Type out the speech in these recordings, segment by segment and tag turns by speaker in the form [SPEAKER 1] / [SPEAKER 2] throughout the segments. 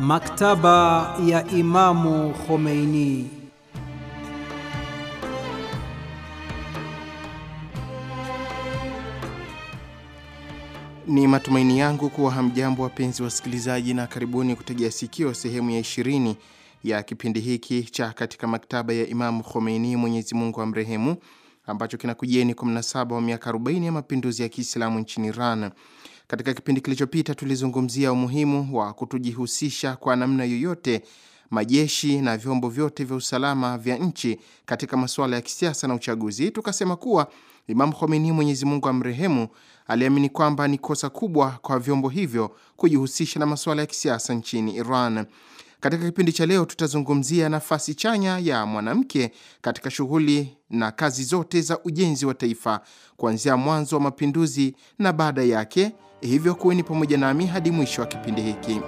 [SPEAKER 1] Maktaba ya Imamu Khomeini. Ni matumaini yangu kuwa hamjambo wapenzi wasikilizaji, na karibuni kutegea sikio sehemu ya ishirini ya kipindi hiki cha katika maktaba ya Imamu Khomeini, Mwenyezi Mungu amrehemu, ambacho kinakujieni kwa mnasaba wa miaka 40 ya mapinduzi ya Kiislamu nchini Iran. Katika kipindi kilichopita tulizungumzia umuhimu wa kutojihusisha kwa namna yoyote majeshi na vyombo vyote vya usalama vya nchi katika masuala ya kisiasa na uchaguzi. Tukasema kuwa Imam Khomeini, Mwenyezi Mungu amrehemu, aliamini kwamba ni kosa kubwa kwa vyombo hivyo kujihusisha na masuala ya kisiasa nchini Iran. Katika kipindi cha leo tutazungumzia nafasi chanya ya mwanamke katika shughuli na kazi zote za ujenzi wa taifa kuanzia mwanzo wa mapinduzi na baada yake, hivyo kuweni pamoja nami hadi mwisho wa kipindi hiki.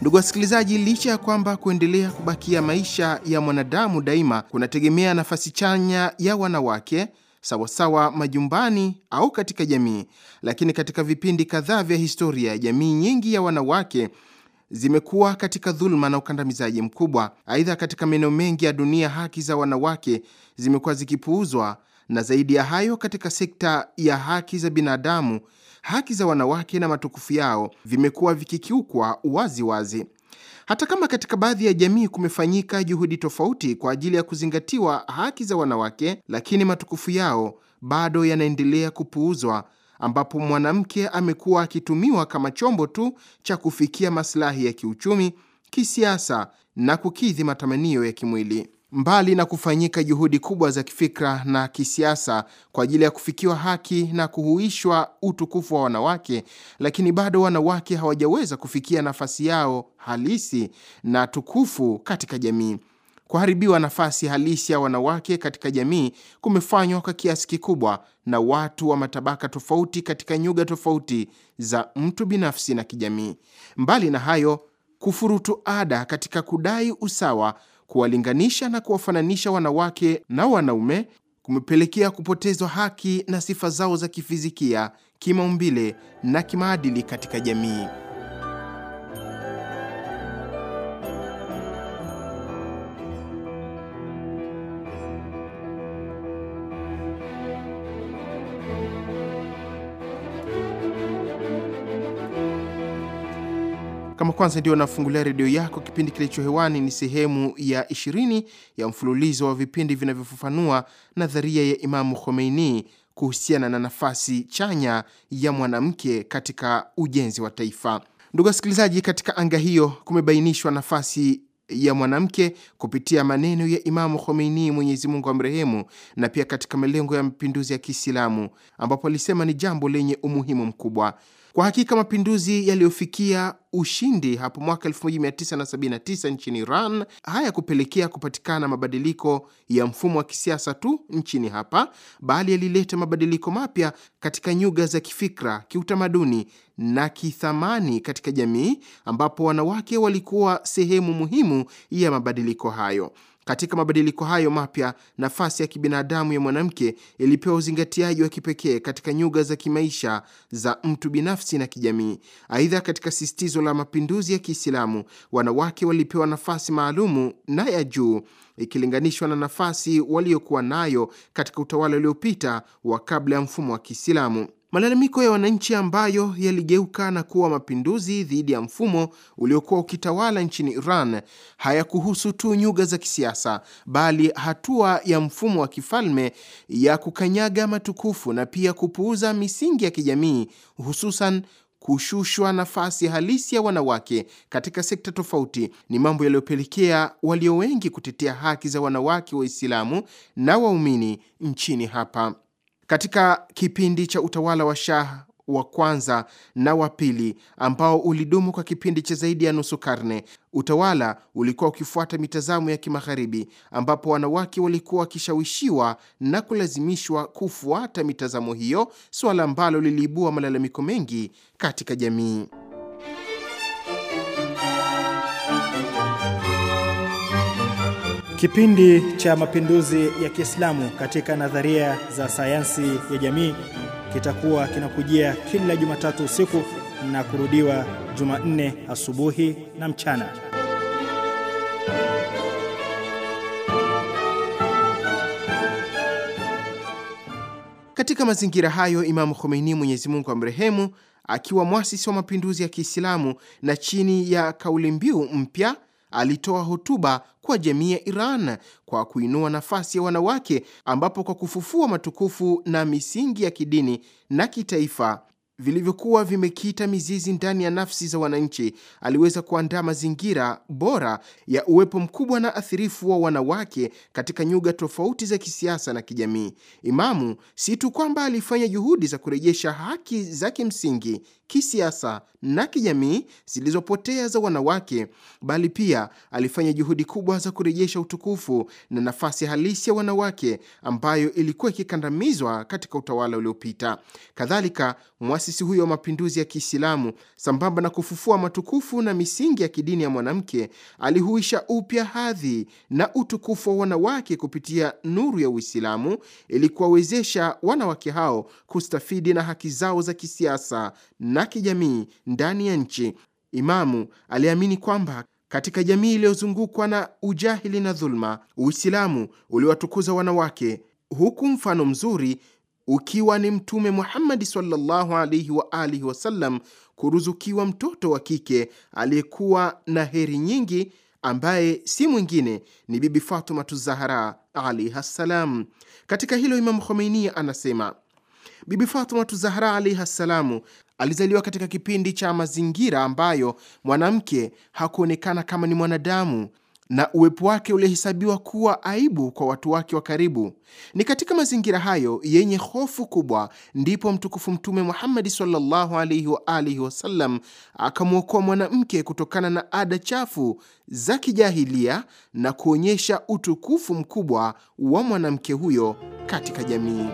[SPEAKER 1] Ndugu wasikilizaji, licha ya kwamba kuendelea kubakia maisha ya mwanadamu daima kunategemea nafasi chanya ya wanawake sawasawa majumbani au katika jamii, lakini katika vipindi kadhaa vya historia, jamii nyingi ya wanawake zimekuwa katika dhuluma na ukandamizaji mkubwa. Aidha, katika maeneo mengi ya dunia haki za wanawake zimekuwa zikipuuzwa, na zaidi ya hayo, katika sekta ya haki za binadamu haki za wanawake na matukufu yao vimekuwa vikikiukwa wazi wazi. Hata kama katika baadhi ya jamii kumefanyika juhudi tofauti kwa ajili ya kuzingatiwa haki za wanawake, lakini matukufu yao bado yanaendelea kupuuzwa, ambapo mwanamke amekuwa akitumiwa kama chombo tu cha kufikia masilahi ya kiuchumi, kisiasa na kukidhi matamanio ya kimwili. Mbali na kufanyika juhudi kubwa za kifikra na kisiasa kwa ajili ya kufikiwa haki na kuhuishwa utukufu wa wanawake, lakini bado wanawake hawajaweza kufikia nafasi yao halisi na tukufu katika jamii. Kuharibiwa nafasi halisi ya wanawake katika jamii kumefanywa kwa kiasi kikubwa na watu wa matabaka tofauti katika nyuga tofauti za mtu binafsi na kijamii. Mbali na hayo, kufurutu ada katika kudai usawa kuwalinganisha na kuwafananisha wanawake na wanaume kumepelekea kupotezwa haki na sifa zao za kifizikia, kimaumbile na kimaadili katika jamii. Kama kwanza ndio nafungulia redio yako, kipindi kilicho hewani ni sehemu ya 20 ya mfululizo wa vipindi vinavyofafanua nadharia ya Imamu Khomeini kuhusiana na nafasi chanya ya mwanamke katika ujenzi wa taifa. Ndugu wasikilizaji, katika anga hiyo kumebainishwa nafasi ya mwanamke kupitia maneno ya Imamu Khomeini, Mwenyezi Mungu amrehemu, na pia katika malengo ya mapinduzi ya Kiislamu, ambapo alisema ni jambo lenye umuhimu mkubwa. Kwa hakika mapinduzi yaliyofikia ushindi hapo mwaka 1979 nchini Iran hayakupelekea kupatikana mabadiliko ya mfumo wa kisiasa tu nchini hapa, bali yalileta mabadiliko mapya katika nyuga za kifikra, kiutamaduni na kithamani katika jamii, ambapo wanawake walikuwa sehemu muhimu ya mabadiliko hayo. Katika mabadiliko hayo mapya, nafasi ya kibinadamu ya mwanamke ilipewa uzingatiaji wa kipekee katika nyuga za kimaisha za mtu binafsi na kijamii. Aidha, katika sisitizo la mapinduzi ya Kiislamu, wanawake walipewa nafasi maalumu na ya juu ikilinganishwa na nafasi waliokuwa nayo katika utawala uliopita wa kabla ya mfumo wa Kiislamu. Malalamiko ya wananchi ambayo yaligeuka na kuwa mapinduzi dhidi ya mfumo uliokuwa ukitawala nchini Iran hayakuhusu tu nyuga za kisiasa, bali hatua ya mfumo wa kifalme ya kukanyaga matukufu na pia kupuuza misingi ya kijamii, hususan kushushwa nafasi halisi ya wanawake katika sekta tofauti, ni mambo yaliyopelekea walio wengi kutetea haki za wanawake Waislamu na waumini nchini hapa. Katika kipindi cha utawala wa Shah wa kwanza na wa pili ambao ulidumu kwa kipindi cha zaidi ya nusu karne, utawala ulikuwa ukifuata mitazamo ya kimagharibi, ambapo wanawake walikuwa wakishawishiwa na kulazimishwa kufuata mitazamo hiyo, suala ambalo liliibua malalamiko mengi katika jamii. Kipindi cha mapinduzi ya Kiislamu katika nadharia za sayansi ya jamii kitakuwa kinakujia kila Jumatatu usiku na kurudiwa Jumanne asubuhi na mchana. Katika mazingira hayo, Imamu Khomeini, Mwenyezi Mungu amrehemu, akiwa mwasisi wa mapinduzi ya Kiislamu na chini ya kauli mbiu mpya alitoa hotuba kwa jamii ya Iran kwa kuinua nafasi ya wanawake, ambapo kwa kufufua matukufu na misingi ya kidini na kitaifa vilivyokuwa vimekita mizizi ndani ya nafsi za wananchi, aliweza kuandaa mazingira bora ya uwepo mkubwa na athirifu wa wanawake katika nyuga tofauti za kisiasa na kijamii. Imamu si tu kwamba alifanya juhudi za kurejesha haki za kimsingi kisiasa na kijamii zilizopotea za wanawake, bali pia alifanya juhudi kubwa za kurejesha utukufu na nafasi halisi ya wanawake ambayo ilikuwa ikikandamizwa katika utawala uliopita. Kadhalika, mwasisi huyo wa mapinduzi ya Kiislamu, sambamba na kufufua matukufu na misingi ya kidini ya mwanamke, alihuisha upya hadhi na utukufu wa wanawake kupitia nuru ya Uislamu ili kuwawezesha wanawake hao kustafidi na haki zao za kisiasa na na kijamii ndani ya nchi. Imamu aliamini kwamba katika jamii iliyozungukwa na ujahili na dhuluma, Uislamu uliwatukuza wanawake, huku mfano mzuri ukiwa ni Mtume Muhammadi sallallahu alaihi wa alihi wasallam kuruzukiwa mtoto wa kike aliyekuwa na heri nyingi ambaye si mwingine ni Bibi Fatumatu zahra alaihi ssalam. Katika hilo Imamu Khomeini anasema Bibi fatumatu Zahra alaihi ssalamu alizaliwa katika kipindi cha mazingira ambayo mwanamke hakuonekana kama ni mwanadamu na uwepo wake ulihesabiwa kuwa aibu kwa watu wake wa karibu. Ni katika mazingira hayo yenye hofu kubwa ndipo mtukufu Mtume Muhammadi sallallahu alaihi wa alihi wasallam akamwokoa mwanamke kutokana na ada chafu za kijahilia na kuonyesha utukufu mkubwa wa mwanamke huyo katika jamii.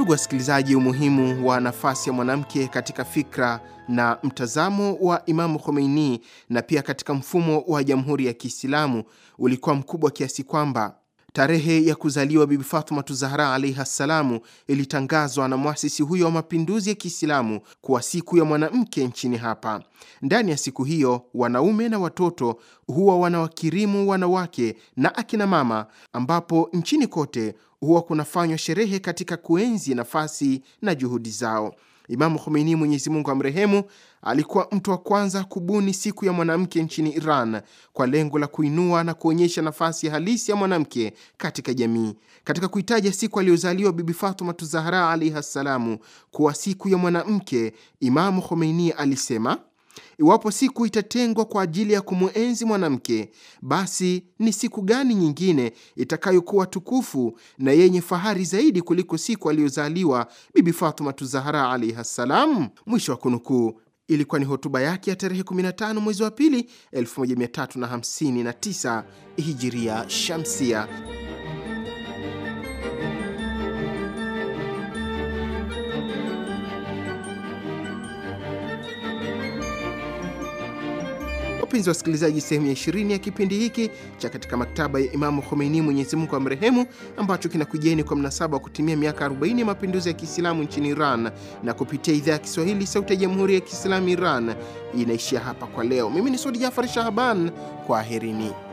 [SPEAKER 1] Ndugu wasikilizaji, umuhimu wa nafasi ya mwanamke katika fikra na mtazamo wa Imamu Khomeini na pia katika mfumo wa Jamhuri ya Kiislamu ulikuwa mkubwa kiasi kwamba tarehe ya kuzaliwa Bibi Fatumatu Zahra alaihi ssalamu ilitangazwa na mwasisi huyo wa mapinduzi ya Kiislamu kuwa siku ya mwanamke nchini hapa. Ndani ya siku hiyo, wanaume na watoto huwa wanawakirimu wanawake na akina mama, ambapo nchini kote huwa kunafanywa sherehe katika kuenzi nafasi na juhudi zao. Imamu Khomeini, Mwenyezi Mungu amrehemu, alikuwa mtu wa kwanza kubuni siku ya mwanamke nchini Iran kwa lengo la kuinua na kuonyesha nafasi halisi ya mwanamke katika jamii. Katika kuitaja siku aliyozaliwa Bibi Fatuma Zahra alaihi ssalamu kuwa siku ya mwanamke, Imamu Khomeini alisema: Iwapo siku itatengwa kwa ajili ya kumwenzi mwanamke, basi ni siku gani nyingine itakayokuwa tukufu na yenye fahari zaidi kuliko siku aliyozaliwa Bibi Fatimatu Zahara alaihi ssalam? Mwisho wa kunukuu. Ilikuwa ni hotuba yake ya tarehe 15 mwezi wa pili 1359 hijiria shamsia. Wapenzi wasikilizaji, sehemu ya ishirini ya kipindi hiki cha katika maktaba ya Imamu Khomeini, Mwenyezi Mungu mrehemu ambacho kinakujeni kwa mnasaba wa kutimia miaka 40 ya mapinduzi ya Kiislamu nchini Iran na kupitia idhaa ya Kiswahili Sauti ya Jamhuri ya Kiislamu Iran, inaishia hapa kwa leo. Mimi ni Sudi Jafari Shahaban, aherini